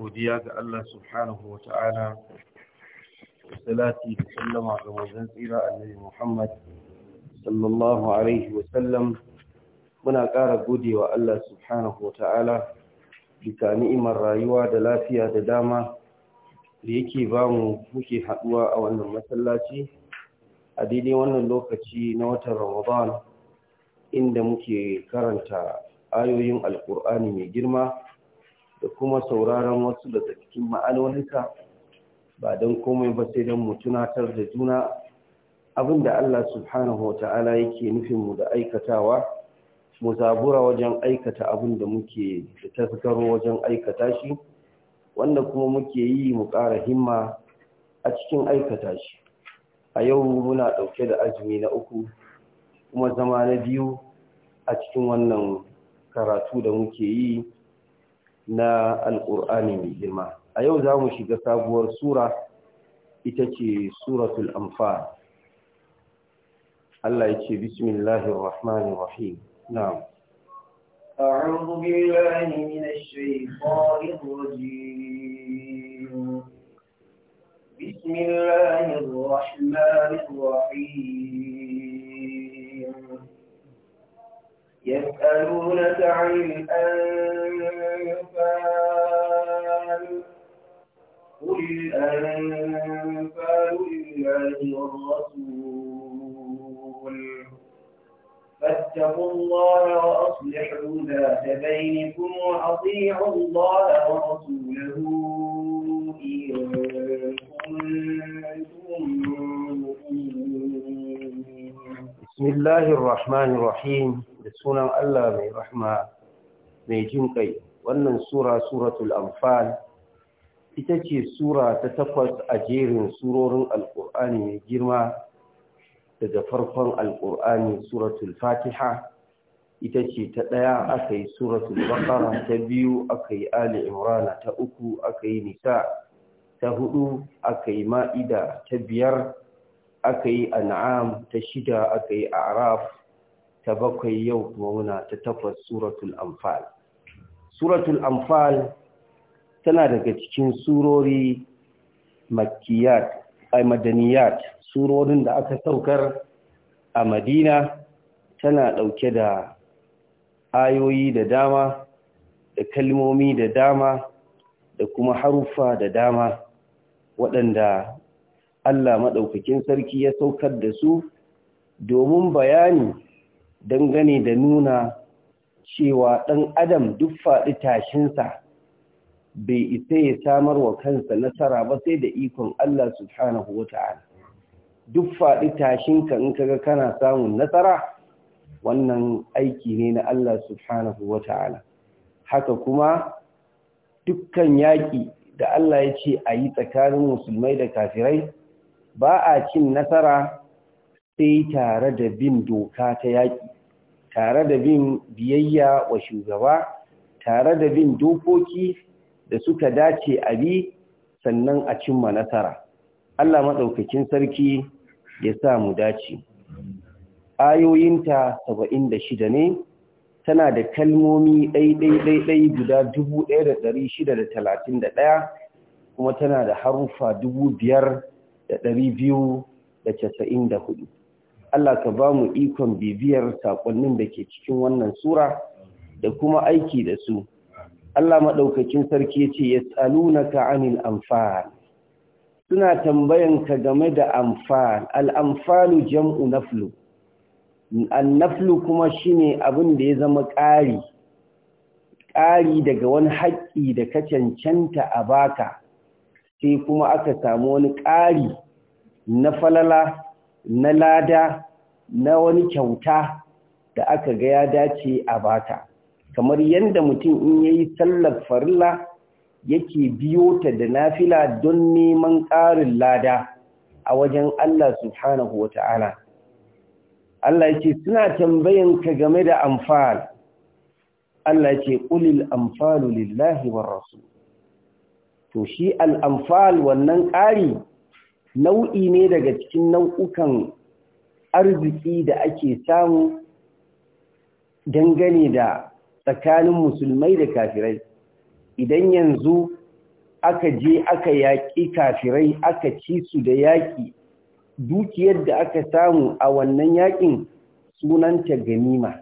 godiya ga Allah subhanahu wa ta'ala da salati da sallama ga manzon tsira annabi Muhammad sallallahu alaihi wa sallam muna ƙara godewa Allah subhanahu wa ta'ala bisa ni'imar rayuwa da lafiya da dama da yake mu muke haɗuwa a wannan masallaci a daidai wannan lokaci na watan Ramadan inda muke karanta ayoyin alkur'ani mai girma da kuma sauraron wasu daga cikin ma'alolinka ba don komai ba sai don mu tunatar da juna abinda Allah subhanahu wa ta'ala yake nufin mu da aikatawa mu zabura wajen aikata abinda da muke da tasgaro wajen aikata shi wanda kuma muke yi mu ƙara himma a cikin aikata shi a yau muna ɗauke da azumi na uku kuma zama na biyu a cikin wannan karatu da muke yi na alƙur'ani mai girma a yau za mu shiga sabuwar sura ita ce suratul amfani Allah ya ce bismillahir rahmanir rahim na'am a'udhu billahi minash shaitanir rajim bismillahir rahmanir rahim yas'alunaka 'anil الأنفال لله والرسول فاتقوا الله وأصلحوا ذات بينكم وأطيعوا الله ورسوله إن كنتم بسم الله الرحمن الرحيم بسم الله الرحمن الرحيم mai jin kai wannan sura suratul ita ce sura ta takwas a jerin surorin alkur'ani mai girma daga farkon alkur'ani suratul fatiha ita ce ta ɗaya aka yi suratul baqara ta biyu aka yi ali imrana ta uku aka yi nisa ta hudu aka yi ma'ida ta biyar aka yi an'am ta shida aka yi araf ta bakwai yau kuma muna ta takwas suratul amfal suratul amfal tana daga cikin surori makiyat ay madaniyat surorin da aka saukar a madina tana dauke da ayoyi da dama da kalmomi da dama da kuma haruffa da dama waɗanda Allah maɗaukakin sarki ya saukar da su domin bayani dangane da nuna cewa ɗan adam duk faɗi tashinsa bai isa ya samar wa kansa nasara ba sai da ikon Allah subhanahu wa ta'ala duk faɗi ka in kaga kana samun nasara wannan aiki ne na Allah subhanahu wa ta'ala haka kuma dukkan yaƙi da Allah ya ce a yi tsakanin musulmai da kafirai ba a cin nasara sai tare da bin doka ta yaƙi tare da bin biyayya wa shugaba tare da bin dokoki da suka dace a bi sannan a cimma nasara Allah maɗaukakin sarki ya sa mu dace ayoyinta saba'in da shida ne tana da kalmomi ɗaiɗaiɗaiɗai guda dubu ɗaya da kuma tana da harufa dubu biyar da Allah ka ba mu ikon bibiyar saƙonnin da ke cikin wannan sura da kuma aiki da su Allah maɗaukakin sarki ce ya tsalunaka anil amfan suna tambayanka game da amfan al'amfanu jam'u naflu annaflu kuma ne abin da ya zama ƙari ƙari daga wani haƙƙi da ka cancanta a baka sai kuma aka samu wani ƙari na falala na lada na wani kyauta da aka ga ya dace a baka kamar yadda mutum in ya yi sallar farilla yake biyo ta da nafila don neman ƙarin lada a wajen Allah subhanahu wa ta'ala. Allah ce suna tambayan ka game da amfal. Allah ce ƙulil amfalu lillahi wa rasu. To shi al'amfal wannan ƙari nau'i ne daga cikin nau'ukan arziki da ake samu dangane da tsakanin musulmai da kafirai idan yanzu aka je aka yaƙi kafirai aka ci su da yaƙi dukiyar da aka samu a wannan yaƙin sunanta ganima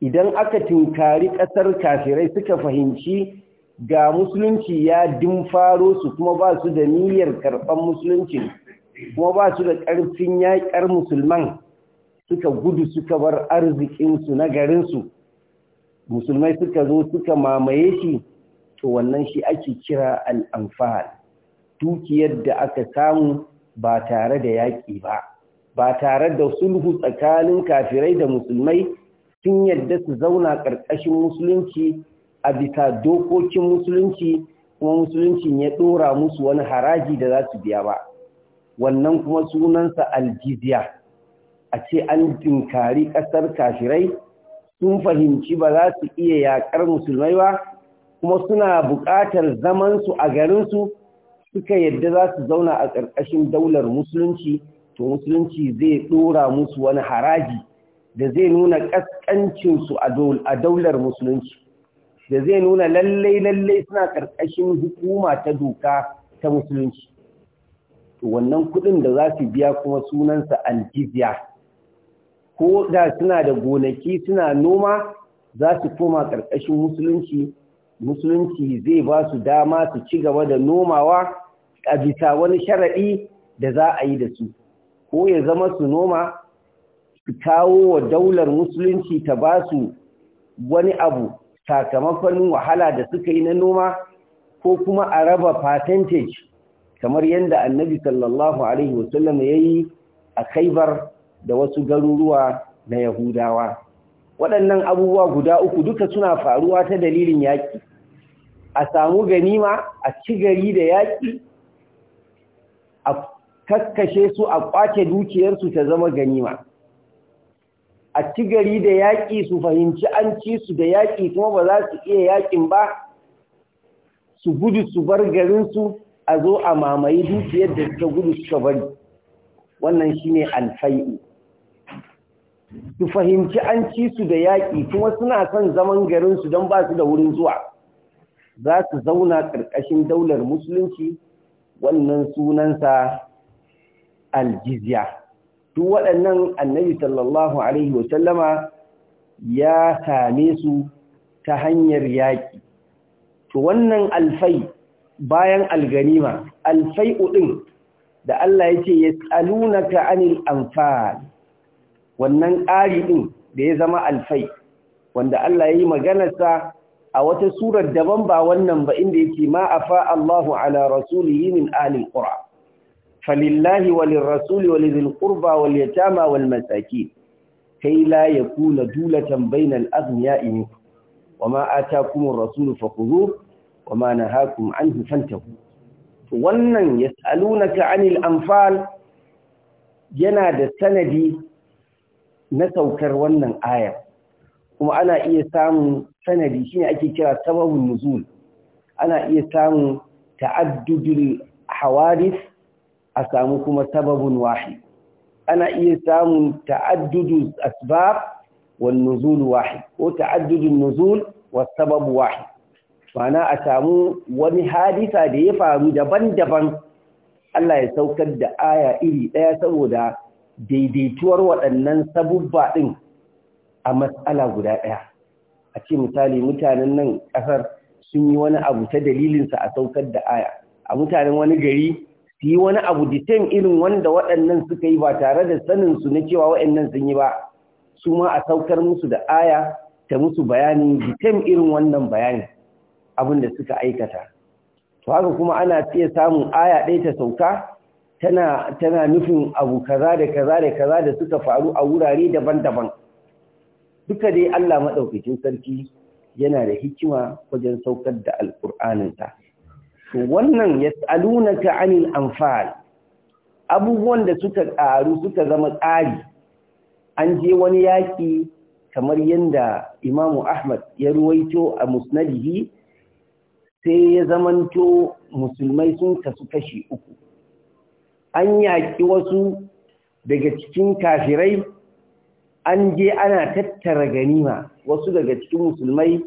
idan aka tinkari ƙasar kafirai suka fahimci ga musulunci ya faro su kuma ba su da niyyar karɓar musulunci kuma ba su da ƙarfin yaƙar musulman suka gudu suka bar arzikinsu na garinsu musulmai suka zo suka mamaye shi to wannan shi ake kira al'amfal dukiyar yadda aka samu ba tare da yaƙi ba ba tare da sulhu tsakanin kafirai da musulmai sun yadda su zauna ƙarƙashin musulunci a bisa dokokin musulunci kuma musulunci ya ɗora musu wani haraji da za su biya ba wannan kuma sunansa aljiziya a ce an dinkari ƙasar kafirai sun fahimci ba za su iya yaƙar musulmai ba kuma suna buƙatar zamansu a garinsu suka yadda za su zauna a ƙarƙashin daular musulunci to musulunci zai ɗora musu wani haraji da zai nuna ƙasƙancinsu a daular musulunci da zai nuna lallai-lallai suna ƙarƙashin hukuma ta doka ta musulunci to wannan kuɗin da za su biya kuma sunansa antiziyar ko da suna da gonaki suna noma za su koma ƙarƙashin musulunci musulunci zai ba su dama su ci gaba da nomawa a bisa wani sharaɗi da za a yi da su ko ya zama su noma su kawo wa daular musulunci ta ba su wani abu sakamakon wahala da suka yi na noma ko kuma a raba percentage kamar yadda annabi sallallahu alaihi wasallam ya yi a khaibar da wasu garuruwa na Yahudawa. Waɗannan abubuwa guda uku duka suna faruwa ta dalilin yaƙi, a samu ganima a ci gari da yaƙi, a kakkashe su a ƙwace dukiyarsu ta zama ganima. A ci gari da yaƙi su fahimci an ci su da yaƙi kuma ba za su iya yaƙin ba, su gudu su bar garinsu a zo a mamaye dukiyar da suka gudu suka bari. Wannan shi ne alfai'u. su fahimci an ci su da yaƙi kuma suna son zaman garinsu don ba su da wurin zuwa za su zauna ƙarƙashin daular musulunci wannan sunansa aljizya duk waɗannan annabi sallallahu alaihi wasallama ya same su ta hanyar yaƙi to wannan alfai bayan alganima alfai ɗin da Allah ya ce ya tsalunaka anil amfani wannan ƙari ɗin da ya zama alfai wanda Allah ya yi maganarsa a wata surar daban ba wannan ba inda yake ma afa Allahu ala rasulihi min ahli alqura falillahi walil rasuli walil qurba wal yatama wal masakin kai la yakuna dulatan bainal aghniya'i minkum wama atakumur rasulu fakhuzuhu wama nahakum anhu ku. wannan yas'alunaka anil amfal yana da sanadi na saukar wannan ayar kuma ana iya samun sanadi shine ake kira sababun nuzul ana iya samun ta'addudul hawadith a samu kuma sababun wahid ana iya samun ta'addudul asbab wal nuzul wahid ko ta'addudun nuzul was sabab wahid mana a samu wani hadisa da ya faru daban-daban Allah ya saukar da aya iri ɗaya saboda daidaituwar waɗannan sabubba ɗin a matsala guda ɗaya a ce misali mutanen nan ƙasar sun yi wani abu ta dalilinsa a saukar da aya a mutanen wani gari su yi wani abu ditem irin wanda waɗannan suka yi ba tare da sanin su na cewa waɗannan sun yi ba su ma a saukar musu da aya ta musu bayani ditem irin wannan bayani abin da suka aikata to haka kuma ana iya samun aya ɗaya ta sauka tana tana nufin abu kaza da kaza da kaza da suka faru a wurare daban-daban duka dai Allah madaukakin sarki yana da hikima wajen saukar da alqur'aninsa to wannan yas'alunaka 'anil anfal abubuwan da suka ƙaru suka zama ƙari an je wani yaƙi kamar yadda imamu ahmad ya ruwaito a musnadihi sai ya zamanto musulmai sun kasu kashi uku an yaƙi wasu daga cikin kafirai an je ana tattara ganima wasu daga cikin musulmai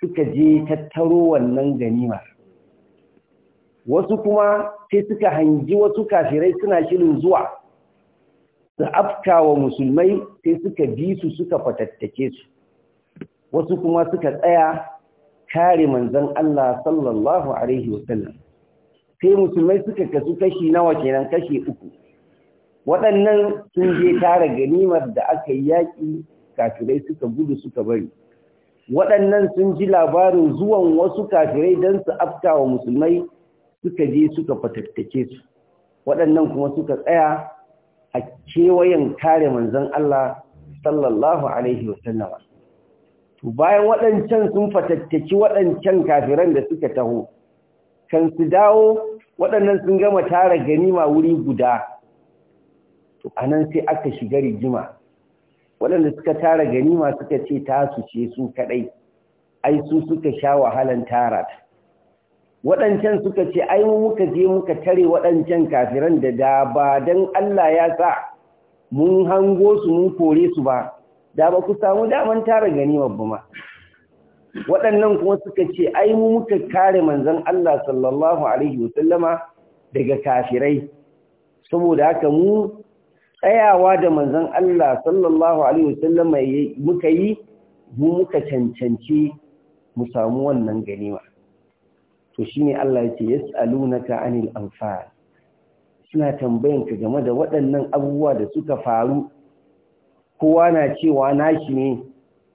suka je tattaro wannan ganima wasu kuma sai suka hangi wasu kafirai suna shirin zuwa su wa musulmai sai suka bi su suka fatattake su wasu kuma suka tsaya kare manzon Allah sallallahu alaihi wasallam sai musulmai suka kasu kashi nawa kenan kashi uku waɗannan sun je tara ganimar da aka yi yaƙi kafirai suka gudu suka bari waɗannan sun ji labarin zuwan wasu kafirai don su afka wa musulmai suka je suka fatattake su waɗannan kuma suka tsaya a kewayen kare manzon Allah sallallahu alaihi wasallam to bayan waɗancan sun fatattaki waɗancan kafiran da suka taho kan su dawo waɗannan sun gama tara ganima wuri guda to anan sai aka shiga rigima waɗanda suka tara ganima suka ce tasu ce su kaɗai ai su suka sha wahalan tara waɗancan suka ce ai mu muka je muka tare waɗancan kafiran da da ba don Allah ya sa mun hango su mun kore su ba da ba ku samu daman tara ganima ba ma waɗannan kuma suka ce ai mu muka kare manzon Allah sallallahu alaihi wasallama daga kafirai saboda haka mu tsayawa da manzon Allah sallallahu alaihi wasallama muka yi mu muka cancanci mu samu wannan ganima to shine Allah yake yas'alunaka anil anfal suna tambayan ka game da waɗannan abubuwa da suka faru kowa na cewa nashi ne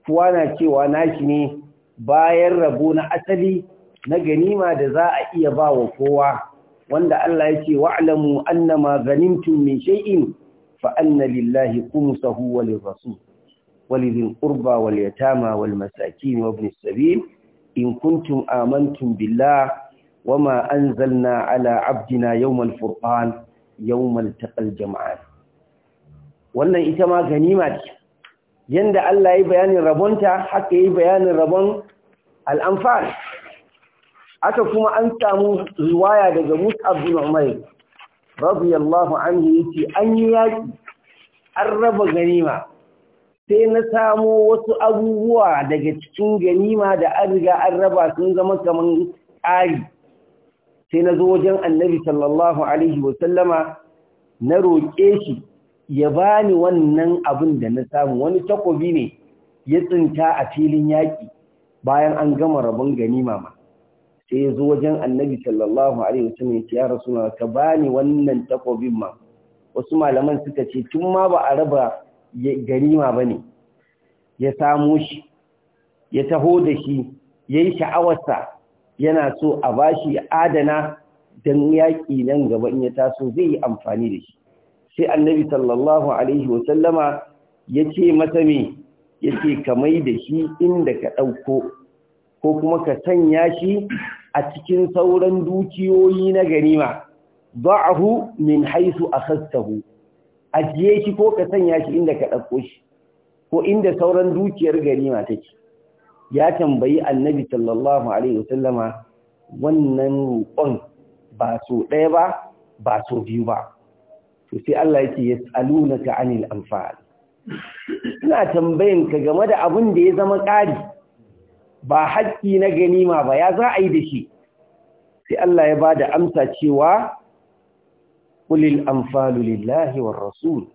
kowa na cewa nashi ne bayan rabo na asali na ganima da za a iya ba wa kowa wanda Allah ya ce wa'lamu annama ghanimtum min shay'in fa anna sahu khumsahu rasu. lirrasul wa lidhil qurba wal yatama wal masakin wa ibnis sabil in kuntum amantum billah wama ala abdina furfan, yau yawmal taqal jama'a. wannan ita ma ganima ce yanda Allah ya bayanin rabonta haka ya bayanin rabon al'amfar aka kuma an samu riwaya daga Mus'ab bin Umair radiyallahu anhu yace an yi yaƙi. an raba ganima sai na samo wasu abubuwa daga cikin ganima da an riga an raba sun zama kamar ƙari sai na zo wajen Annabi sallallahu alaihi wasallama na roƙe shi ya bani wannan abin da na samu wani takobi ne ya tsinta a filin yaƙi bayan an gama rabon ganima ma sai ya zo wajen annabi sallallahu alaihi wasallam ya ce ya rasulullah ka bani wannan takobin ma wasu malaman suka ce tun ma ba a raba ganima ba ne? ya samo shi ya taho da shi yayi sha'awarsa yana so a bashi adana dan yaƙi nan gaba in ya taso zai yi amfani da shi sai annabi sallallahu alaihi wasallama ya ce masa me ya ce ka mai da shi inda ka ɗauko ko kuma ka sanya shi a cikin sauran dukiyoyi na ganima ba'ahu min haisu a sassahu ajiye shi ko ka sanya shi inda ka ɗauko shi ko inda sauran dukiyar ganima ta take ya tambayi annabi sallallahu alaihi wasallama wannan roƙon ba so ɗaya ba ba so biyu ba to sai Allah yake yas'alunaka 'anil anfal ina tambayin ka game da abin da ya zama ƙari ba haƙƙi na ganima ba ya za a yi da shi sai Allah ya bada amsa cewa qulil anfalu lillahi war rasul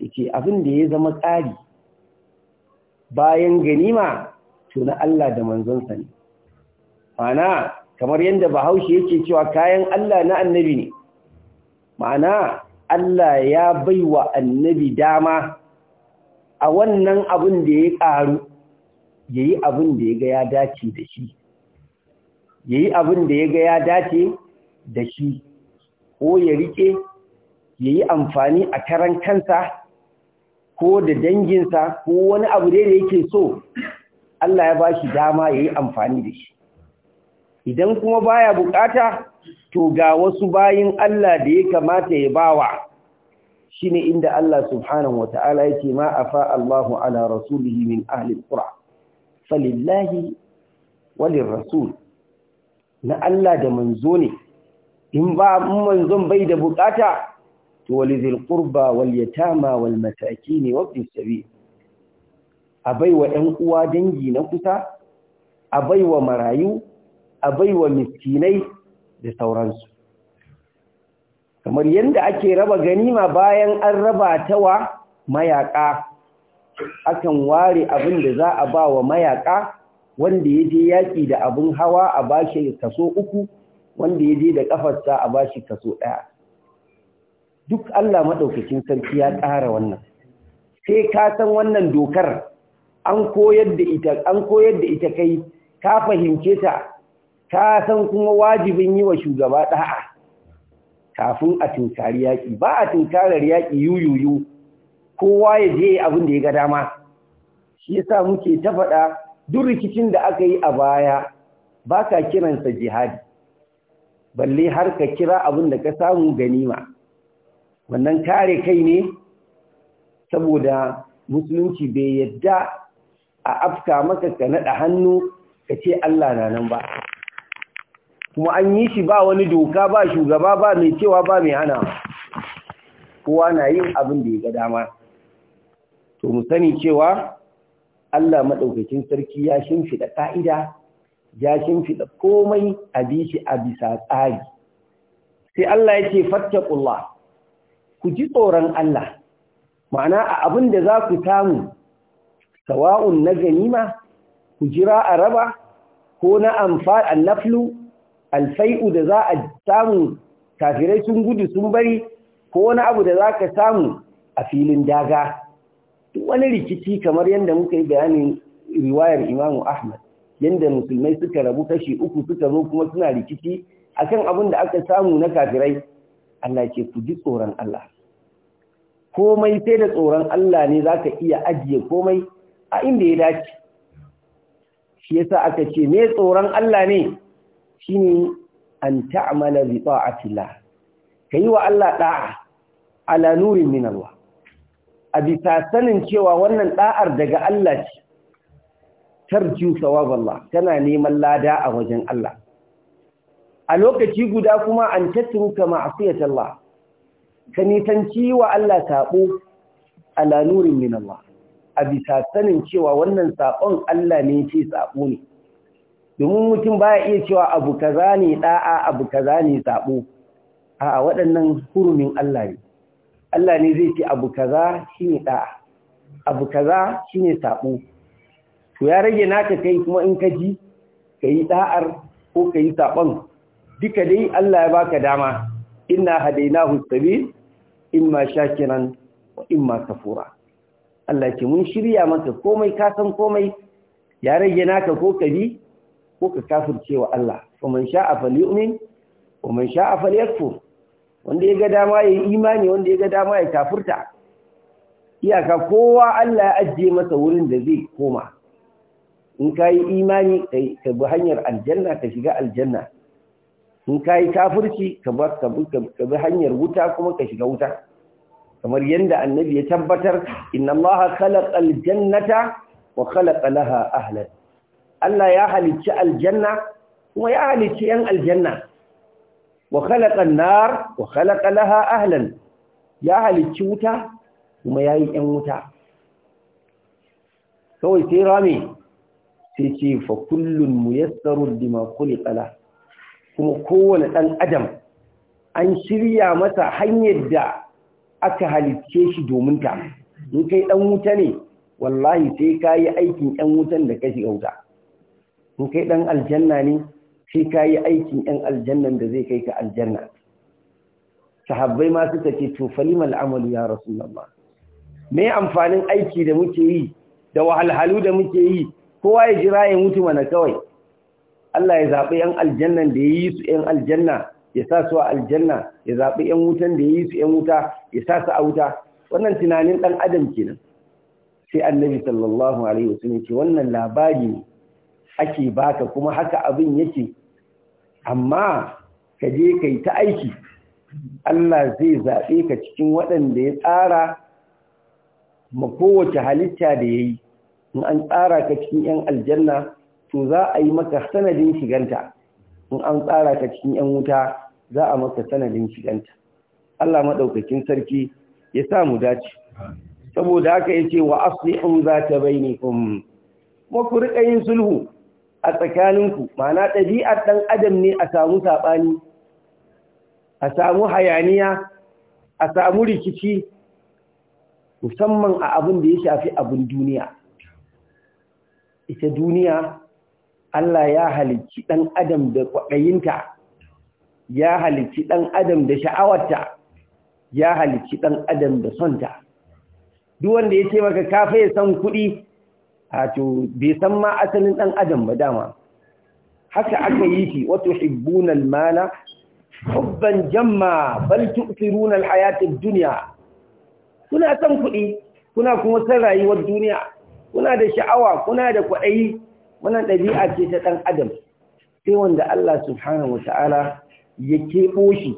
yake abin da ya zama kari bayan ganima to na Allah da manzonsa ne mana kamar yadda bahaushe yake cewa kayan Allah na annabi ne ma'ana Allah ya bai wa annabi dama a wannan abin da ya ƙaru ya yi abin da ya ga ya dace da shi ya yi abin da ya ga ya dace da shi ko ya riƙe ya yi amfani a karan kansa ko da danginsa ko wani abu da yake so Allah ya ba shi dama ya yi amfani da shi idan kuma baya bukata to ga wasu bayin Allah da ya kamata ya bawa shine inda Allah subhanahu wata'ala yake ma afa Allahu ala rasulihi min ahli alqura falillahi rasul na Allah da manzo ne in ba manzon bai da bukata to walizil qurba wal yatama wal masakin wa ibn sabil abai wa ɗan uwa dangi na kusa abai wa marayu abai wa miskinai da sauransu kamar yadda ake raba ganima bayan an raba ta wa mayaƙa akan ware abin da za a ba wa mayaƙa wanda ya je yaƙi da abin hawa a ba shi kaso uku wanda ya je da ƙafarsa a ba shi kaso ɗaya duk Allah maɗaukacin sarki ya ƙara wannan sai ka san wannan dokar an koyar da ita kai ka fahimce ta Ta san kuma wajibin yi wa shugaba da'a kafin a tunkari yaƙi ba a tunkarar yaƙi yuyuyu kowa ya je abin da ya ga dama shi ya sa muke ta faɗa duk rikicin da aka yi a baya ba ka kiransa jihadi balle har ka kira abin da ka samu ganima wannan kare kai ne saboda musulunci bai yadda a afka maka ka naɗa hannu ka ce Allah na nan ba kuma an yi shi ba wani doka ba shugaba ba mai cewa ba mai hana kowa na yin abin da ya ga dama to mu sani cewa Allah maɗaukacin sarki ya shimfida ƙa'ida ya shimfiɗa komai a bishi a bisa tsari sai Allah yake ce fattakullah ku ji tsoron Allah ma'ana a abin da za ku samu sawa'un na ganima ku jira a raba ko na amfani naflu alfai'u da za a samu kafirai sun gudu sun bari ko wani abu da za ka samu a filin daga duk wani rikici kamar yadda muka yi bayanin riwayar imamu ahmad yadda musulmai suka rabu kashi uku suka zo kuma suna rikici akan abin da aka samu na kafirai Allah ce ku ji tsoron Allah komai sai da tsoron Allah ne za ka iya ajiye komai a inda ya dace shi yasa aka ce me tsoron Allah ne shine an ta'mala bi ka kai wa Allah da'a ala nurin min Allah a bisa sanin cewa wannan da'ar daga Allah ce tarju sawab Allah tana neman lada a wajen Allah a lokaci guda kuma an tatruka ma'siyat Allah ka nitanci wa Allah sabo ala nurin min Allah a bisa sanin cewa wannan sabon Allah ne ce sabo ne domin mutum baya iya cewa abu kaza ne da'a abu kaza ne sabo a'a waɗannan hurumin Allah ne Allah ne zai ce abu kaza shine da'a abu kaza shine sabo to ya rage naka kai kuma in ka ji kai da'ar ko kai sabon duka dai Allah ya baka dama inna hadainahu sabil imma shakiran wa imma kafura Allah ce mun shirya maka komai ka san komai ya rage naka ko ka bi ko ka kafirce wa Allah faman sha'a falyu'min waman sha'a falyakfur wanda ya ga dama ya yi imani wanda ya ga dama ya kafirta iyaka kowa Allah ya ajiye masa wurin da zai koma in ka yi imani ka bi hanyar aljanna ka shiga aljanna in ka yi kafirci ka bi hanyar wuta kuma ka shiga wuta kamar yadda annabi ya tabbatar inna allaha khalaqa aljannata wa khalaqa laha ahlan Allah ya halicci aljanna kuma ya halicci ‘yan aljanna, wa khalaƙan nar wa khalaƙa laha ahlan ya halicci wuta kuma ya yi ‘yan wuta. Kawai sai Rami sai ce fa kullum mu yassarun dima ƙala. kuma kowane ɗan adam an shirya masa hanyar da aka halicce shi domin ta, in kai ɗan wuta ne, wallahi sai ka yi aikin ‘yan wutan da ka shiga wuta. in kai ɗan aljanna ne sai ka yi aikin ‘yan aljannan da zai kai ka aljanna sahabbai ma suka ce to falimal amalu ya rasulullah me amfanin aiki da muke yi da wahalhalu da muke yi kowa ya jira ya mutu mana kawai Allah ya zaɓi ‘yan aljannan da ya yi su ‘yan aljanna ya sa su a aljanna ya zaɓi ‘yan wutan da ya yi su ‘yan wuta ya sa su a wuta wannan tunanin ɗan adam kenan sai annabi sallallahu alaihi wasallam ce wannan labari ne ake baka kuma haka abin yake amma ka je kai ta aiki Allah zai zaɓe ka cikin waɗanda ya tsara ma kowace halitta da ya yi in an tsara ka cikin 'yan aljanna to za a yi maka sanadin shiganta in an tsara ka cikin 'yan wuta za a maka sanadin shiganta Allah maɗaukakin sarki ya sa mu dace saboda haka ya ce wa aslihun za ta bai ne kuma ku riƙa yin sulhu a tsakaninku mana ɗabi'ar ɗan adam ne a samu saɓani a samu hayaniya a samu rikici musamman a abin da ya shafi abin duniya ita duniya Allah ya halicci ɗan adam da kwaɗayinta ya halicci ɗan adam da sha'awarta ya halicci ɗan adam da sonta duk wanda ya ce maka kafa ya san kuɗi a bai san ma asalin ɗan adam ba dama haka aka yi shi wato hibbuna mana, hubban jamma bal tu'thiruna alhayata ad-dunya kuna san kuɗi kuna kuma san rayuwar duniya kuna da sha'awa kuna da kwaɗayi wannan ɗabi'a ce ta ɗan adam sai wanda Allah subhanahu wata'ala ya keɓo shi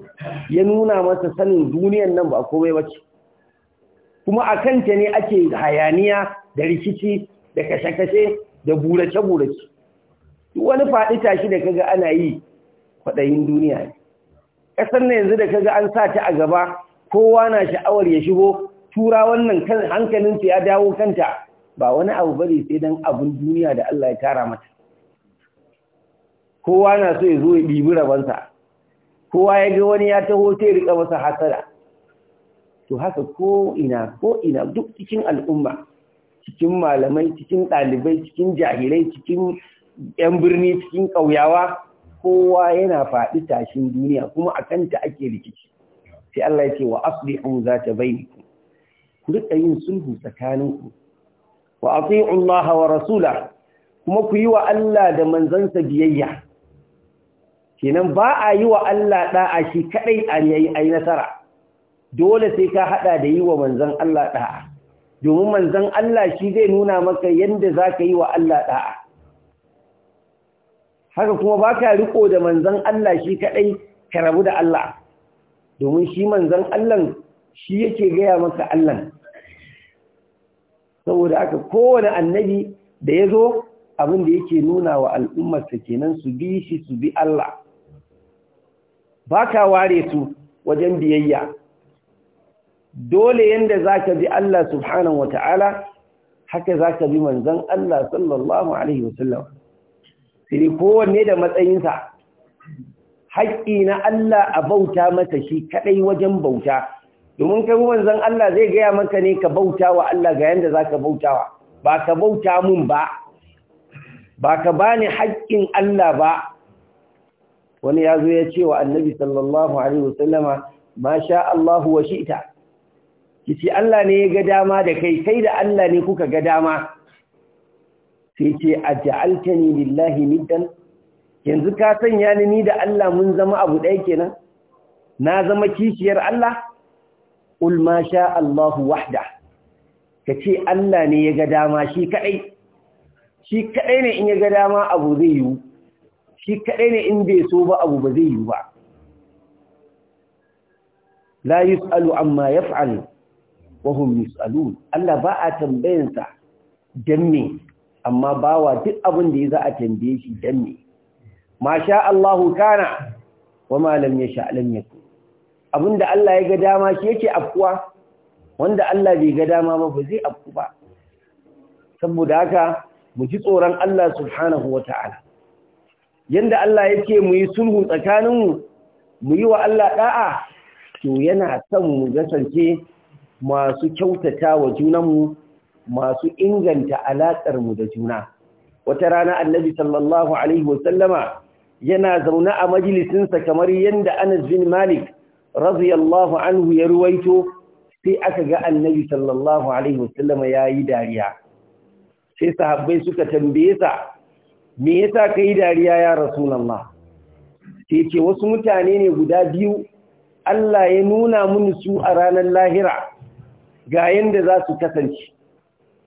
ya nuna masa sanin duniyan nan ba komai ba ce kuma a kanta ne ake hayaniya da rikici da kashe-kashe da burace-burace duk wani faɗi tashi da kaga ana yi kwaɗayin duniya ne ƙasar na yanzu da kaga an sa ta a gaba kowa na sha'awar ya shigo tura wannan hankalinsu ya dawo kanta ba wani abu bari sai don abin duniya da Allah ya tara mata kowa na so ya zo ya ɗibi rabonsa kowa ya ga wani ya taho sai rika masa hasara to haka ko ina ko ina duk cikin al'umma cikin malamai cikin ɗalibai cikin jahilai cikin 'yan birni cikin ƙauyawa kowa yana faɗi tashin duniya kuma a kanta ake rikici sai Allah ya ce wa aslihu za ta bai ku rika yin sulhu tsakaninku wa ati'u Allah wa rasula kuma ku yi wa Allah da manzansa biyayya kenan ba a yi wa Allah da'a shi kadai a ai nasara dole sai ka hada da yi wa manzan Allah da'a domin manzon Allah shi zai nuna maka yadda za ka yi wa Allah ɗa'a. Haka kuma ba ka riko da manzon Allah shi kaɗai ka rabu da Allah, domin shi manzon Allah shi yake gaya maka Allah. Saboda aka kowane annabi da ya zo abin da yake nuna wa al'ummarsa kenan su bi shi su bi Allah. Ba ka ware su wajen biyayya. dole yanda ka bi Allah subhanahu wa ta'ala haka za ka bi wanzan Allah sallallahu alaihi wasallam Siri kowanne da matsayinsa haƙƙi na Allah a bauta masa shi kaɗai wajen bauta domin kai wanzan Allah zai gaya maka ne ka bauta wa Allah ga yanda zaka bautawa ba ka bauta mun ba ba ka bani haƙƙin Allah ba wani ya zo ya ce wa annabi sallallahu alaihi wasallama ma sha Allah shi ita. ce Allah ne ya ga dama da kai kai da Allah ne kuka ga dama sai ce aj'altani lillahi niddan yanzu ka sanya ni ni da Allah mun zama abu ɗaya kenan na zama kishiyar Allah Ulma sha Allahu wahda kace Allah ne ya ga dama shi kaɗai. shi kaɗai ne in ya ga dama abu zai yiwu? shi kaɗai ne in bai so ba abu ba zai yiwu ba la yus'alu amma yaf'alu wahum yus'alun Allah ba a tambayansa dan me amma bawa duk abin da ya za a tambaye shi dan me masha Allahu kana ya lam yasha lam Abin abinda Allah ya ga dama shi yake afkuwa wanda Allah bai ga dama ba ba zai afku ba saboda haka mu ji tsoron Allah subhanahu wata'ala yanda Allah yake mu yi sulhu tsakaninmu mu yi wa Allah da'a to yana son mu gasance masu kyautata wa junanmu masu inganta alaƙarmu da juna wata rana annabi sallallahu alaihi wasallama yana zaune a majalisinsa kamar yadda anas bin malik radiyallahu anhu ya ruwaito sai aka ga annabi sallallahu alaihi wasallama ya yi dariya sai sahabbai suka tambaye sa me yasa kayi dariya ya rasulullah sai ce wasu mutane ne guda biyu Allah ya nuna mun su a ranar lahira ga yanda za su kasance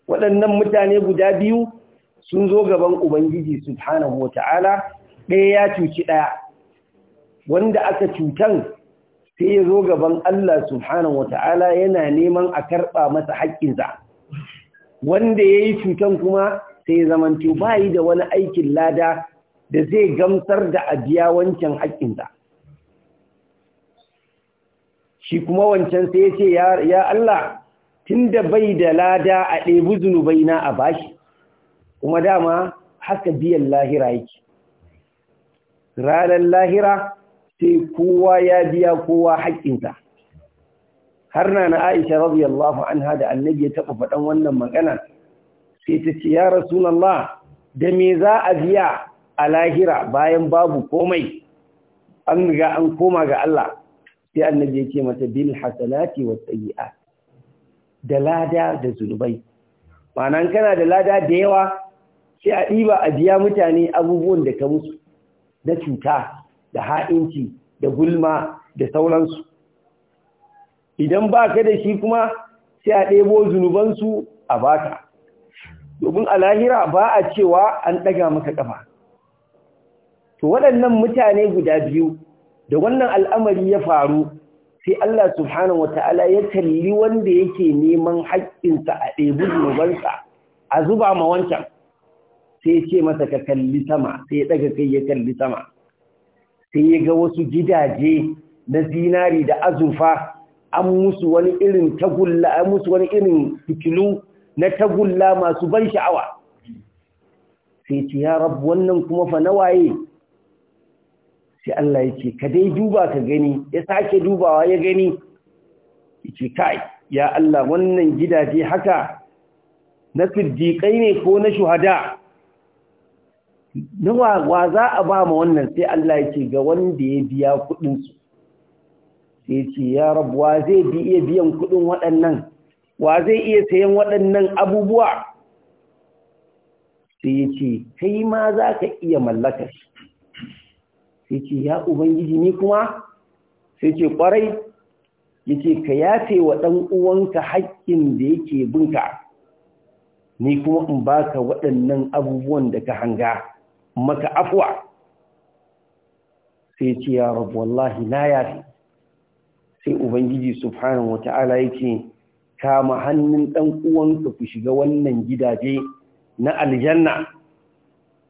waɗannan mutane guda biyu sun zo gaban ubangiji subhanahu wata'ala ɗaya ya cuci ɗaya wanda aka cutan sai ya zo gaban Allah subhanahu wata'ala yana neman a karɓa masa haƙƙinsa wanda ya yi cutan kuma sai ya ba bayi da wani aikin lada da zai gamsar da abiya wancan haƙƙinsa shi kuma wancan sai ya ce ya Allah tunda bai da lada a ɗebi zunubai na a bashi kuma dama haka biyan lahira yake ranar lahira sai kowa ya biya kowa haƙƙinta har na na aisha radiyallahu anha da annabi ya taɓa faɗan wannan magana sai ta ce ya rasulallah da me za a biya a lahira bayan babu komai an ga an koma ga Allah sai annabi ya ce mata bil hasanati wa sayyi'at da lada da zunubai ma'anan kana da lada da yawa sai a ɗiba a biya mutane abubuwan da ka musu na cuta da ha'inci da gulma da sauransu idan ba ka da shi kuma sai a ɗebo zunubansu a baka domin a lahira ba a cewa an ɗaga maka ƙafa to waɗannan mutane guda biyu da wannan al'amari ya faru sai Allah subhanahu Ta'ala ya talli wanda yake neman haƙƙinsa a ɗebi zubansa a zuba ma wancan sai ce masa ka kalli sama sai ya ɗaga kai ya kalli sama sai ya ga wasu gidaje na zinari da azurfa an musu wani irin tagulla an musu wani irin fitilu na tagulla masu ban sha'awa sai ce ya rabu wannan kuma fa na waye. sai Allah ya ka dai duba ka gani ya sake dubawa ya gani yake kai ya Allah wannan gidaje haka na siddiƙai ne ko na shuhada nawa wa za a ba ma wannan sai Allah ya ga wanda ya biya su sai ce ya rabu wa zai iya biyan kuɗin waɗannan wa zai iya sayan waɗannan abubuwa sai ce kai ma za ka iya mallakar shi ya ce ya ubangiji ni kuma sai ce kwarai ya ce ka yafe wa ɗan uwanka haƙƙin da yake binka ni kuma in baka waɗannan abubuwan da ka hanga maka afuwa sai ce ya rabu wallahi na yafe sai ubangiji subhanahu wata'ala ya ce kama hannun ɗan uwanka ku shiga wannan gidaje na aljanna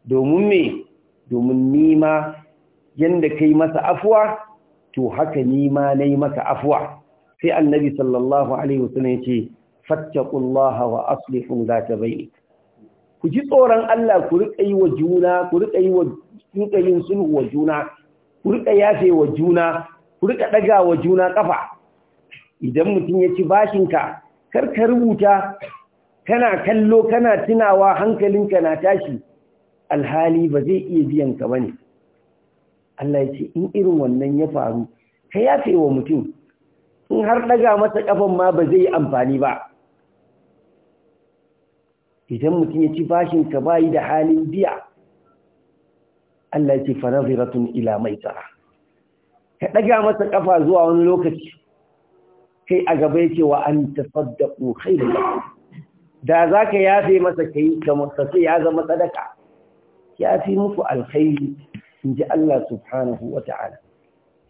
domin me domin nima yanda kai masa afuwa, to haka ni ma nayi maka afuwa. sai annabi sallallahu alaihi wasallam yace fattaqullaha wa aslihu zata bainik ku ji tsoron Allah ku rika yi wa juna ku rika yi wa rika yin sulhu wa juna ku rika yafe wa juna ku rika daga wa juna kafa idan mutum ya ci bashin ka, kar ka rubuta kana kallo kana tunawa hankalinka na tashi alhali ba zai iya biyan ka bane Allah ya ce in irin wannan ya faru ka yafe wa mutum in har daga masa kafan ma ba zai amfani ba idan mutum ya ci bashin ka bayi da halin biya Allah ya ce fa ila mai tsara. ka daga masa kafa zuwa wani lokaci kai a gaba yake wa an tasaddaqu khairan da zaka yafe masa kai kamar sai ya zama sadaka yafi muku alkhairi in ji Allah subhanahu wa ta'ala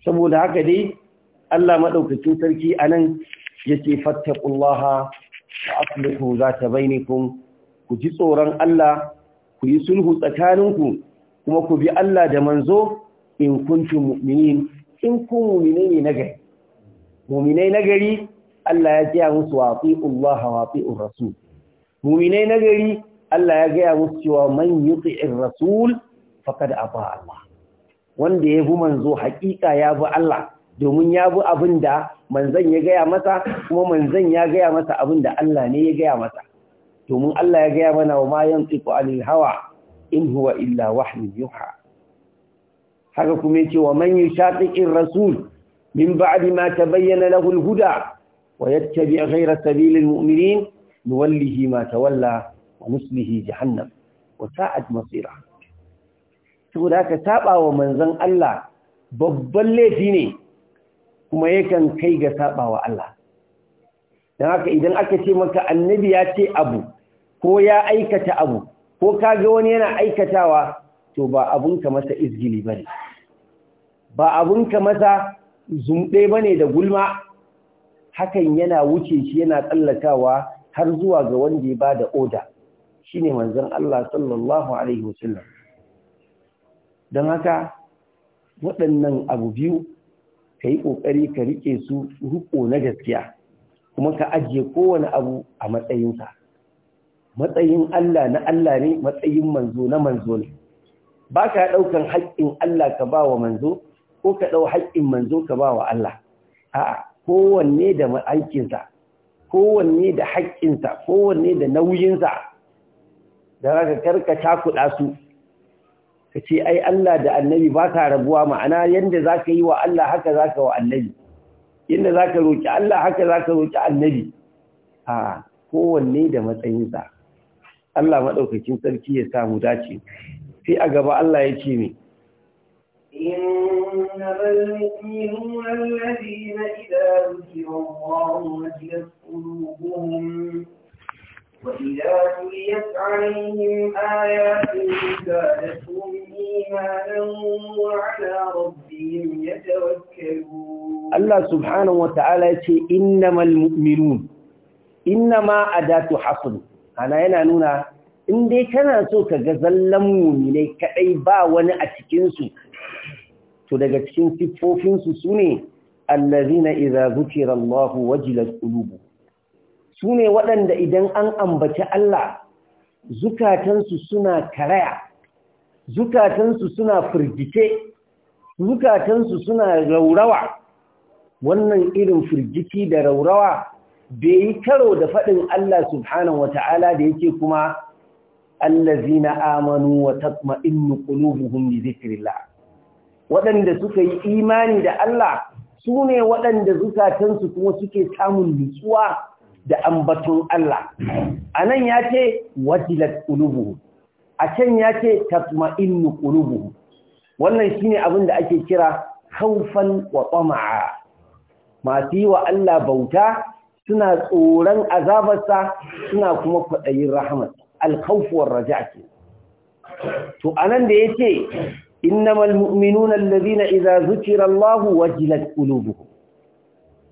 saboda haka dai Allah maɗaukacin sarki a nan ya ce fattakullaha wa za ta bainikum ku ji tsoron Allah ku yi sulhu tsakaninku kuma ku bi Allah da manzo in kuntum mu'minin in kun mu'minai ne nagari mu'minai nagari Allah ya gaya musu wati'ullaha wati'ur rasul mu'minai nagari Allah ya gaya musu cewa man yuti'ir rasul faqad ata Allah wanda ya bi manzo haƙiƙa ya bi Allah domin ya bi abinda manzon ya gaya masa kuma manzon ya gaya masa abinda Allah ne ya gaya masa domin Allah ya gaya mana wa ma yantiqu anil hawa in huwa illa wahyu yuha haka kuma yace wa man yushaqiqir rasul min ba'di ma tabayyana lahu al-huda wa yattabi' ghayra sabilil mu'minin nuwallihi ma tawalla wa nuslihi jahannam wa sa'at masira saboda haka saba wa manzon Allah babban laifi ne kuma yakan kai ga saba wa Allah dan haka idan aka ce maka annabi ya ce abu ko ya aikata abu ko ka ga wani yana aikatawa to ba abun ka masa izgili bane ba abun ka masa zumbe bane da gulma hakan yana wuce shi yana tsallakawa har zuwa ga wanda ya bada oda shine manzon Allah sallallahu alaihi wasallam don haka waɗannan abu biyu ka yi ƙoƙari ka riƙe su riƙo na gaskiya kuma ka ajiye kowane abu a matsayinsa matsayin Allah na Allah ne matsayin manzo na manzo ne ba ka ɗaukan haƙƙin Allah ka ba wa manzo ko ka ɗau haƙƙin manzo ka ba wa Allah a'a kowanne da ma'aikinsa kowanne da haƙƙinsa kowanne da nauyinsa da ka karka cakuɗa su ka ce ai Allah da annabi ba ka rabuwa ma'ana yadda za ka yi wa Allah haka za ka wa annabi yadda za ka roƙi Allah haka za ka roƙi annabi a kowanne da matsayinsa Allah maɗaukakin sarki ya samu dace sai a gaba Allah ya ce mai وإذا تليت عليهم آياته زادتهم allah وعلى ربهم ya الله سبحانه وتعالى إنما المؤمنون إنما أداة حصر أنا هنا نونا in dai kana so ka ga zallan muminai kaɗai ba wani a cikinsu to daga cikin siffofinsu su ne allazina idza zukira Allah wajilat qulubu su ne waɗanda idan an ambaci Allah zukatansu suna karaya zukatansu suna firgice zukatansu suna raurawa wannan irin firgiki da raurawa bai yi karo da faɗin Allah subhanahu wata'ala da yake kuma na amanu wa tatma'innu qulubuhum bi dhikrillah waɗanda suka yi imani da Allah su ne waɗanda zukatansu kuma suke samun nutsuwa da ambaton Allah A nan ya ce wajilat qulubuhum a can ya ce tasma'innu qulubuhum wannan shine abin da ake kira haufan wa tama'a masu yi wa Allah bauta suna tsoron azabarsa suna kuma kwaɗayin rahamar alkaufuwar raja ce to anan da ya ce innamal mu'minuna allazina idza zukira Allahu wajilat qulubuhum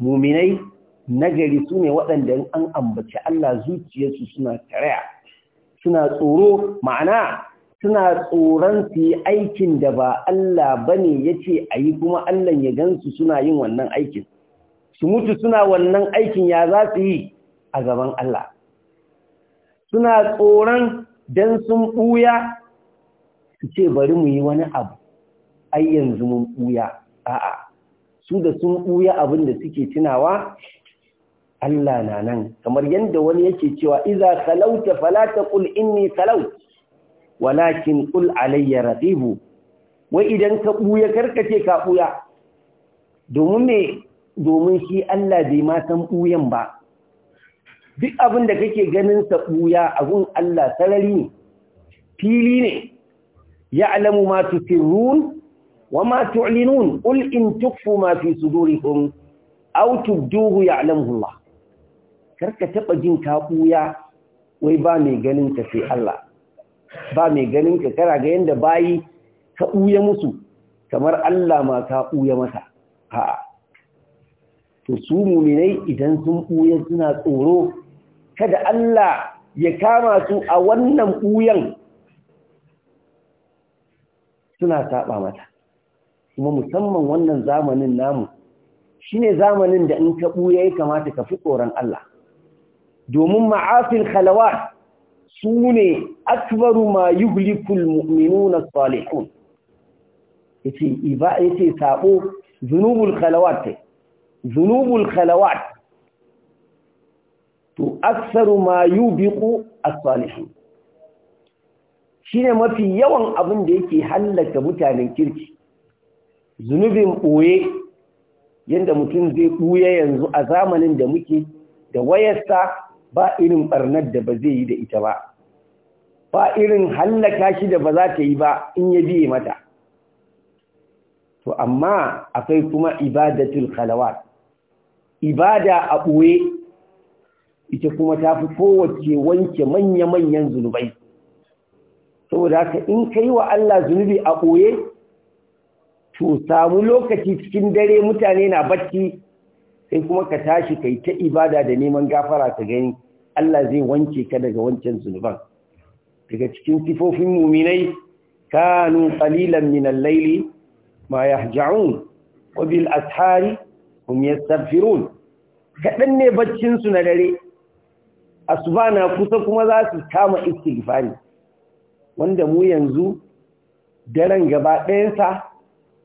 mu'minai nagari sune waɗanda an ambaci Allah zuciyarsu suna tarayya suna tsoro ma'ana suna tsoron su yi aikin da ba Allah ba ne ya ce a yi kuma Allah ya gansu suna yin wannan aikin su mutu suna wannan aikin ya za su yi a gaban Allah suna tsoron don sun ɓuya su ce bari mu yi wani abu ai yanzu mun ɓuya. a'a su da sun ɓuya abin da suke tunawa Allah na nan kamar yadda wani yake cewa iza salauta fala taqul inni salaut walakin qul alayya raqibu wai idan ka buya karkace ka buya domin me domin shi Allah bai ma san buyan ba duk abin da kake ganin sa buya abun Allah sarari ne fili ne ya'lamu ma tusirrun wa ma tu'linun qul in tukhfu ma fi sudurikum aw tubduhu ya'lamuhu Allah karka taba jin ka buya wai ba mai ganin ka sai Allah ba mai ganin ka kara ga yanda bayi ka buya musu kamar Allah ma ka buya masa a'a to su muminai idan sun buya suna tsoro kada Allah ya kama su a wannan buyan suna saba mata kuma musamman wannan zamanin namu shine zamanin da in ka buya ya kamata ka fi tsoron Allah domin ma'afin halawa su ne akbaru ma Muminu na salihun yace iba yace sabo zunubul ta zunubul khalawat to aksaru ma yubiqu a salihun shine mafi yawan abin da yake hallaka mutanen kirki zunubin ɓoye. Yadda mutum zai buya yanzu a zamanin da muke da wayarsa ba irin barnar da ba zai yi da ita ba ba irin hallaka shi da ba za ta yi ba in ya biye mata to amma akwai kuma ibadatul khalawat ibada a ɓoye ita kuma ta fi kowace wanke manya-manyan zunubai saboda haka in kai wa Allah zunubi a ɓoye to samu lokaci cikin dare mutane na bacci sai kuma ka tashi kai ta ibada da neman gafara ka gani Allah zai wanke ka daga wancan zunuban daga cikin sifofin muminai kanu qalilan min al-layli ma yahja'un wa bil ashari hum yastaghfirun kadan ne baccin su na dare asuba na kusa kuma za su kama istighfari wanda mu yanzu daren gaba ɗayansa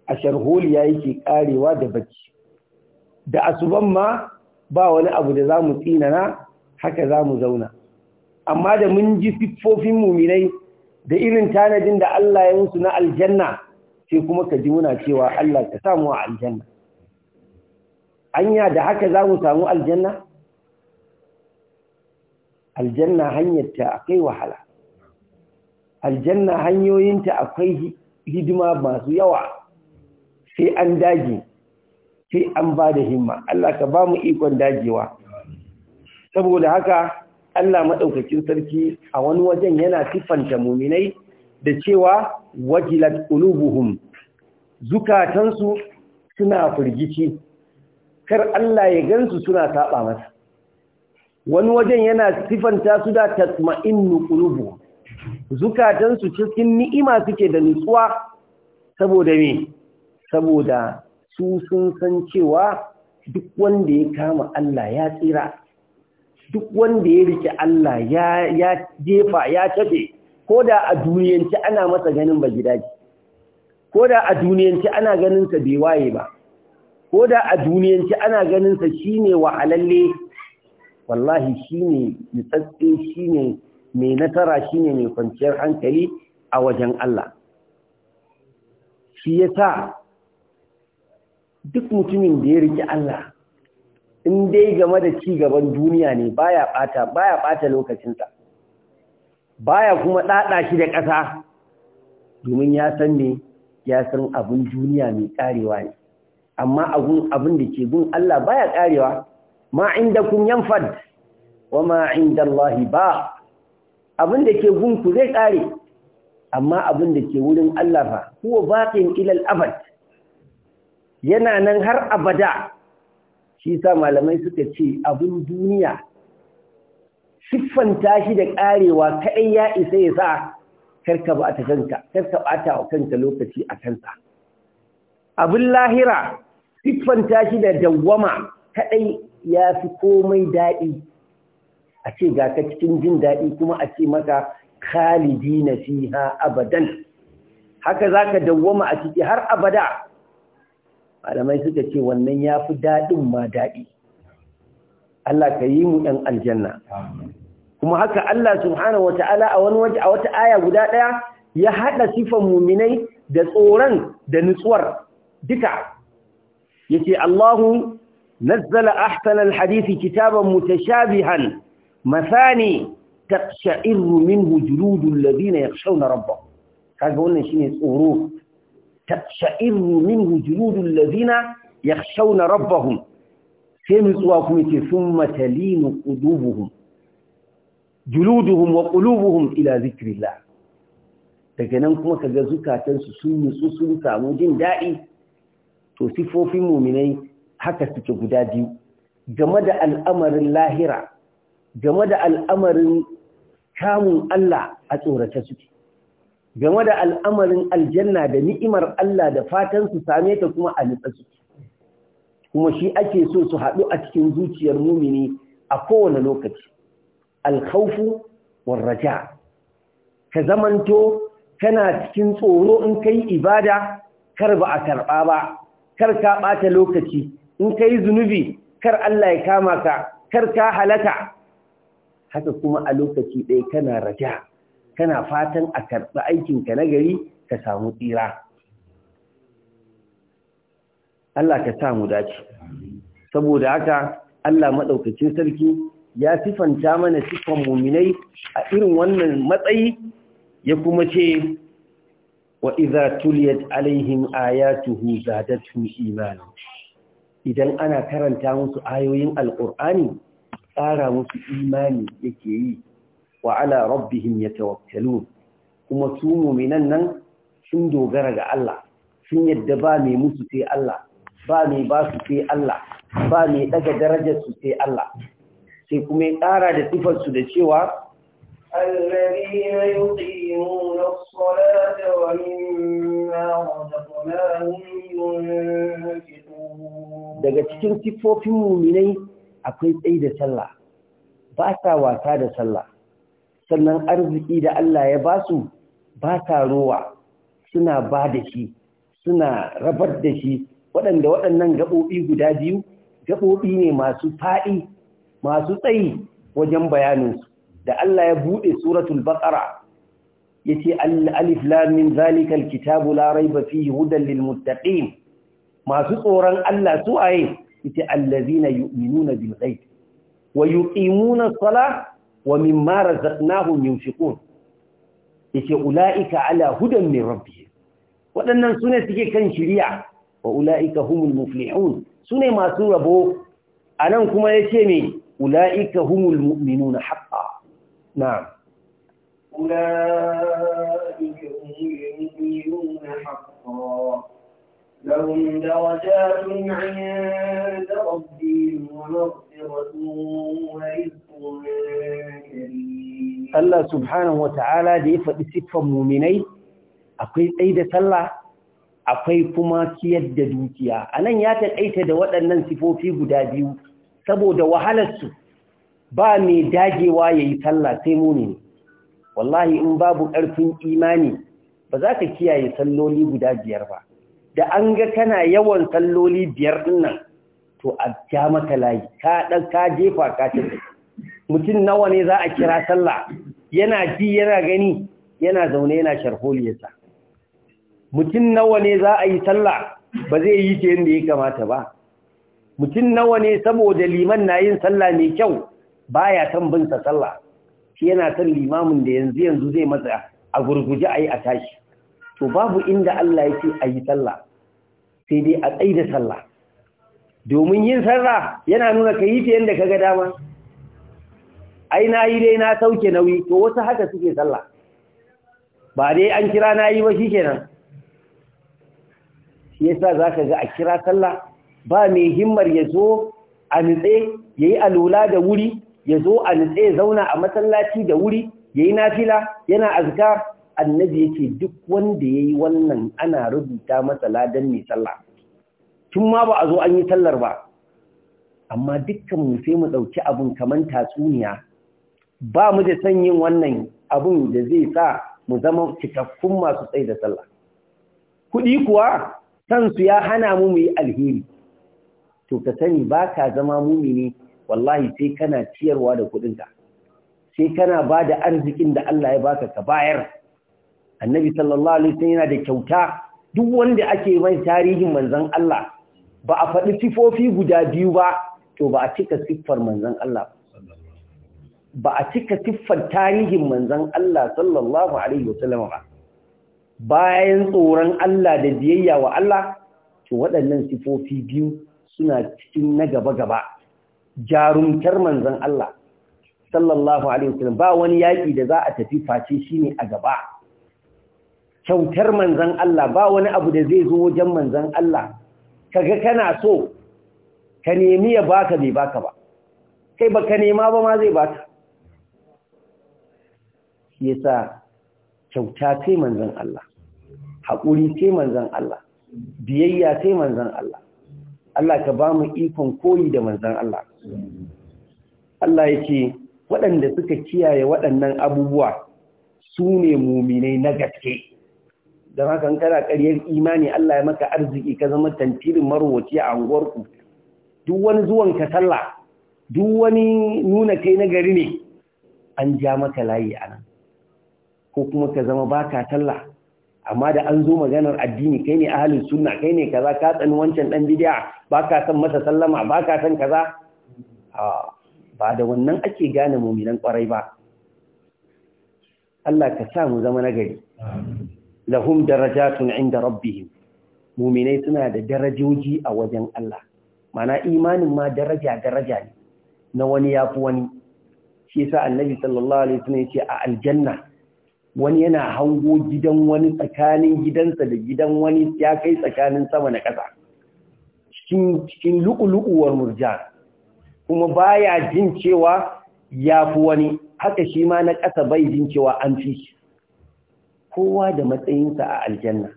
a sharholiya yake karewa da bacci da asuban ma ba wani abu da za mu tsinana haka za mu zauna amma da mun ji siffofin muminai da irin tanadin da Allah ya musu na aljanna sai kuma ka ji muna cewa Allah ka samu a aljanna anya da haka za mu samu aljanna aljanna hanyarta akwai wahala aljanna hanyoyinta akwai hidima masu yawa sai an dage sai an ba da himma Allah ka ba mu ikon dagewa saboda haka Allah maɗaukakin sarki a wani wajen yana siffanta muminai da cewa wajilat qulubuhum zukatansu suna firgici kar Allah ya gansu suna saba masa wani wajen yana sifanta su da tatma'innu Ulubu, zukatansu cikin ni'ima suke da nutsuwa saboda me saboda su sun san cewa duk wanda ya kama Allah ya tsira duk wanda ya rike Allah ya jefa ya tafe ko da a duniyance ana masa ganin ba gidaje ko da a duniyance ana ganin sa bai waye ba ko da a duniyance ana ganin sa shine alalle wallahi shine nutsatsi shine mai nasara shine mai kwanciyar hankali a wajen Allah shi yasa duk mutumin da ya riki Allah in dai game da ci gaban duniya ne baya bata baya bata lokacinsa baya kuma dada shi da ƙasa domin ya san ne ya san abin duniya mai karewa ne amma abun abin da ke gun Allah baya karewa ma inda kun yanfad wa ma inda Allah ba abin da ke gun ku zai kare amma abin da ke wurin Allah fa huwa baqin ila al-abad yana nan har abada shi sa malamai suka ce abin duniya siffanta shi da ƙarewa kaɗai ya isa ya sa karka ba ta kanka karka ɓata wa kanka lokaci a kansa abin lahira siffanta shi da dawwama kaɗai ya fi komai daɗi a ce ga ka cikin jin daɗi kuma a ce maka khalidi na fiha abadan haka zaka dawwama a ciki har abada malamai suka ce wannan ya fi daɗin ma daɗi Allah ka yi mu ɗan aljanna kuma haka Allah subhanahu wa ta'ala a wani waje a wata aya guda ɗaya ya haɗa sifan muminai da tsoron da nutsuwar duka yace Allahu nazzala ahsana alhadisi kitaban mutashabihan mathani taqsha'iru minhu juludul ladina yakhshawna rabbahum kaga wannan shine tsoro tashairu minhu juludul ladina yakhshawna rabbahum sai nutsuwa kuma ce summa talinu qulubuhum juluduhum wa qulubuhum ila zikrillah daga nan kuma ka ga zukatansu sun nutsu sun samu jin daɗi to sifofin muminai haka suke guda biyu game da al'amarin lahira game da al'amarin kamun Allah a tsorata suke game da al'amarin aljanna da ni'imar Allah da fatan su same ta kuma a nitsa su kuma shi ake so su haɗu a cikin zuciyar mumini a kowane lokaci alkhawfu war raja ka zamanto kana cikin tsoro in kai ibada kar ba a karɓa ba kar ka ɓata lokaci in kai zunubi kar Allah ya kama ka kar ka halaka haka kuma a lokaci ɗaya kana raja kana fatan a karɓi aikinka na gari ka samu tsira Allah ka samu dace saboda haka Allah maɗaukacin sarki ya sifanta mana sifan muminai a irin wannan matsayi ya kuma ce wa iza tuliyat alaihim ayatuhu zadatuhum imana idan ana karanta musu ayoyin alqur'ani ƙara musu imani yake yi wa ala rabbihim yatawakkalun kuma su mu'minan nan sun dogara ga Allah sun yadda ba mai musu sai Allah ba mai ba su sai Allah ba mai daga darajar su sai Allah sai kuma ya ƙara da sifar su da cewa daga cikin sifofin mu'minai akwai tsayi da sallah ba sa wasa da sallah sannan arziki da Allah ya ba su ba ta rowa suna ba da shi suna rabar da shi waɗanda waɗannan gaɓoɓi guda biyu gaɓoɓi ne masu faɗi masu tsayi wajen bayaninsu da Allah ya buɗe suratul baqara yace alif lam min zalikal kitabu la raiba fihi hudan lil muttaqin masu tsoron Allah su aye yace allazina yu'minuna bil ghaib wa yuqimuna as Sala? wa mimma razaqnahum yunfiqun yace ulaika ala hudan min rabbihim waɗannan sune suke kan shiriya wa ulaika humul muflihun sune masu rabo anan kuma yace me ulaika humul mu'minuna haqqan na'am ulaika humul mu'minuna haqqan لهم درجات عند ربهم ومغفرة ورزق كريم الله سبحانه وتعالى دي فدسف مؤمنين akwai tsaye da sallah akwai kuma ciyar da dukiya a nan ya taƙaita da waɗannan sifofi guda biyu saboda wahalarsu ba mai dagewa ya yi sallah sai muni ne wallahi in babu ƙarfin imani ba za ka kiyaye salloli guda biyar ba da an ga kana yawan salloli biyar nan, to a ja maka layi ka dan ka jefa ka ce mutum nawa ne za a kira sallah yana ji yana gani yana zaune yana sharholiyarsa mutum nawa ne za a yi sallah ba zai yi ta yadda ya kamata ba mutum nawa ne saboda liman na yin sallah mai kyau baya son bin sallah shi yana son limamin da yanzu yanzu zai matsa a gurguje a yi a tashi to babu inda Allah yake a yi sallah sai dai a tsaye da sallah domin yin sallah yana nuna ka yi ta yadda ka ga dama ai na yi dai na sauke nauyi to wasu haka suke sallah ba dai an kira na yi ba shi kenan shi yasa za ka ga a kira sallah ba mai himmar ya zo a nutse ya yi alula da wuri ya zo a nutse ya zauna a masallaci da wuri ya yi nafila yana azkar annabi yake duk wanda yayi wannan ana rubuta matsala ladan mai sallah tun ma ba a zo an yi sallar ba amma dukkan mu sai mu ɗauki abun kamar tatsuniya ba mu da son yin wannan abun da zai sa mu zama cikakkun masu tsaye da sallah kuɗi kuwa su ya hana mu mu yi alheri to ka sani ba ka zama mumini wallahi sai kana ciyarwa da kuɗinka sai kana ba da arzikin da Allah ya baka ka bayar annabi sallallahu alaihi wasallam yana da kyauta duk wanda ake mai tarihin manzon Allah ba a faɗi sifofi guda biyu ba to ba a cika siffar manzon Allah ba a cika siffar tarihin manzon Allah sallallahu alaihi wasallam ba bayan tsoron Allah da biyayya wa Allah to waɗannan sifofi biyu suna cikin na gaba gaba jarumtar manzon Allah sallallahu alaihi wasallam ba wani yaƙi da za a tafi face shine a gaba kyautar manzan Allah ba wani abu da zai zo wajen manzan Allah kaga kana so ka nemi ya baka bai baka ba kai baka nema ba ma zai baka shi yasa kyauta sai manzan Allah haƙuri sai manzan Allah biyayya sai manzan Allah Allah ka ba mu ikon koyi da manzan Allah Allah yake waɗanda suka kiyaye waɗannan abubuwa su ne muminai na gaske da haka kana ƙaryar imani Allah ya maka arziki ka zama tantirin marwaci a unguwarku. duk wani zuwan ka sallah duk wani nuna kai na gari ne an ja maka layi a ko kuma ka zama baka sallah amma da an zo maganar addini kai ne ahlus sunna kai ne kaza ka tsani wancan dan bid'a baka san masa sallama baka san kaza a ba da wannan ake gane mu'minan kwarai ba Allah ka sa mu zama nagari amin lahum darajatun inda rabbihim muminai suna da darajoji a wajen Allah mana imanin ma daraja daraja ne na wani yafi wani shi yasa annabi sallallahu alaihi wasallam yace a aljanna wani yana hango gidan wani tsakanin gidansa da gidan wani ya kai tsakanin sama na ƙasa cikin cikin lu'ulu'uwar murja kuma baya jin cewa yafi wani haka shi ma na ƙasa bai jin cewa an fi shi kowa da matsayinsa a aljanna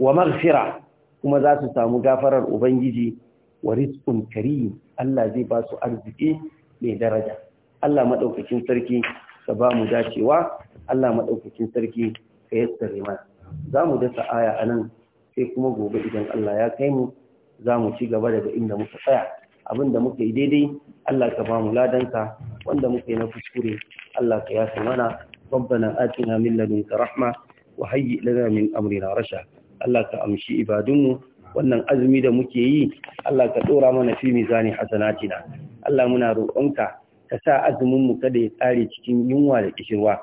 wa maghfira kuma za su samu gafarar ubangiji wa rizqun karim Allah zai ba su arziki mai daraja Allah madaukakin sarki ka ba mu dacewa Allah madaukakin sarki ka yassare mana za mu dasa aya anan sai kuma gobe idan Allah ya kai mu za mu ci gaba daga inda muka tsaya abin da muka yi daidai Allah ka ba mu ladanka wanda muka yi na kuskure Allah ka yasa mana ربنا آتنا من لدنك رحمة وهيئ لنا من أمرنا رشا الله كأمشي إبادمه wannan azumi da muke yi Allah ka dora mana fi mizani hasanatina Allah muna roƙonka ka sa azumin mu kada ya tsare cikin yunwa da kishirwa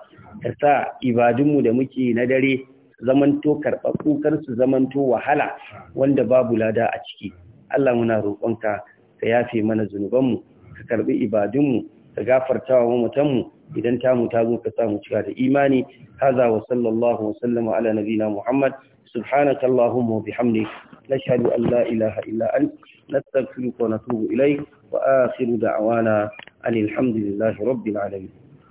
ka sa ibadun mu da muke na dare zamanto karɓaɓɓu kar su zamanto wahala wanda babu lada a ciki Allah muna roƙonka ka yafe mana zunuban mu ka karɓi ibadun mu ka gafarta wa mutan mu idan tamu ta zo ka samu cika da imani haza wa sallallahu wa sallama ala nabina muhammad subhanaka allahumma wa bihamdik nashhadu an la ilaha illa ant nastaghfiruka wa natubu ilayk wa akhiru da'wana alhamdulillahi rabbil alamin